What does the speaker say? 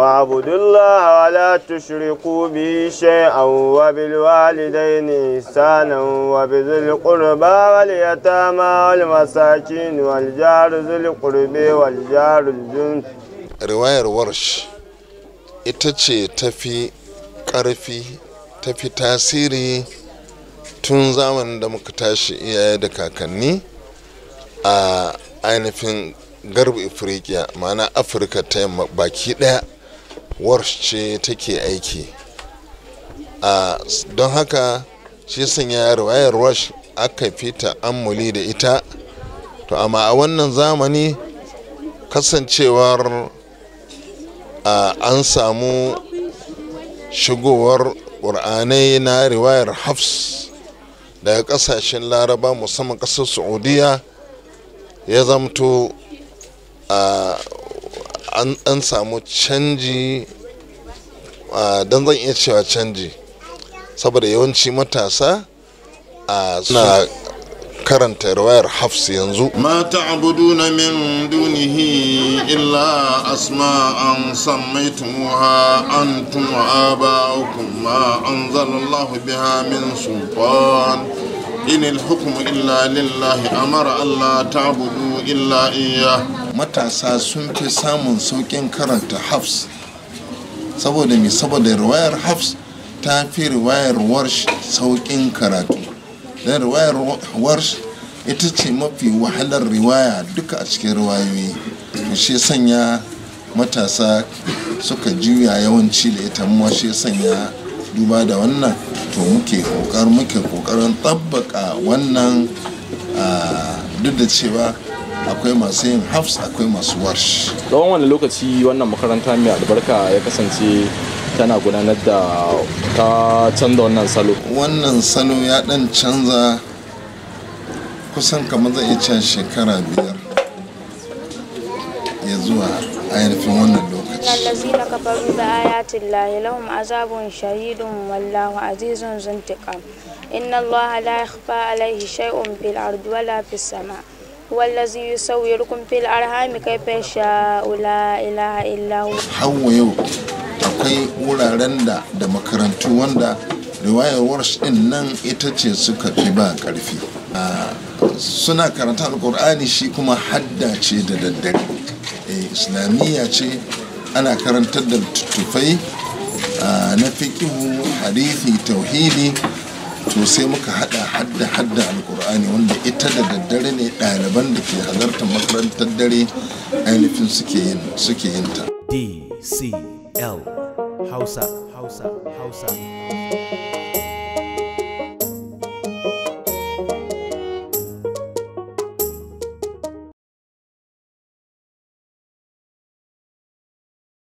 واعبدوا الله ولا تشركوا به شيئا وبالوالدين إحسانا وبذي القربى واليتامى والمساكين والجار ذي القرب والجار الجن رواية ورش itace tafi ƙarfi tafi tasiri tun zamanin da muka tashi iyaye da kakanni a ainihin garba afirka ma'ana afirka ta yamma baki ɗaya wars ce take aiki don haka shi sanya ruwayar warsh aka fi ta'ammuli da ita to amma a wannan zamani kasancewar an samu shigowar ƙur'anai na riwayar hafs daga ƙasashen laraba musamman ƙasar saudiya ya zamto an samu canji don zan iya cewa canji saboda yawanci matasa a suna karanta riwayar hafs yanzu ma na min dunihi illa asma. an sammaytumuha antum wa aba'ukum ma anzalallahu biha min sultan in alhukum illa lillahi amara Allah ta'budu illa iya matasa sun fi samun saukin karanta hafs saboda mai saboda riwayar hafs ta fi riwayar warsh saukin karatu don riwayar warsh ita ce mafi wahalar riwaya duka a cikin riwayoyi to shi sanya matasa suka juya yawanci da ita muwa shi sanya duba da wannan to muke kokar muke kokarin tabbaka wannan duk da cewa akwai masu yin hafs akwai masu warsh tsawon wani lokaci wannan makaranta mai albarka ya kasance tana gudanar da ta canza wannan salo wannan salo ya dan canza kusan kamar zai iya shekara biyar ya zuwa ainihin wannan lokaci الذين كفروا بآيات الله لهم عذاب شديد والله عزيز ذو انتقام إن الله لا يخفى عليه شيء في الأرض ولا في السماء هو الذي يصوركم في الأرحام كيف يشاء لا إله إلا هو حويو akwai wuraren da da makarantu wanda riwayar warsh din nan ita ce suka fi ba karfi suna karanta alkur'ani shi kuma hadda ce da daddare islamiyya ce ana karantar da tuttufai na fiƙihu hadithi tauhidi to sai muka hada hadda hadda alkur'ani wanda ita da daddare ne ɗaliban da ke halartar makarantar dare ainihin suke yin ta dcl hausa hausa hausa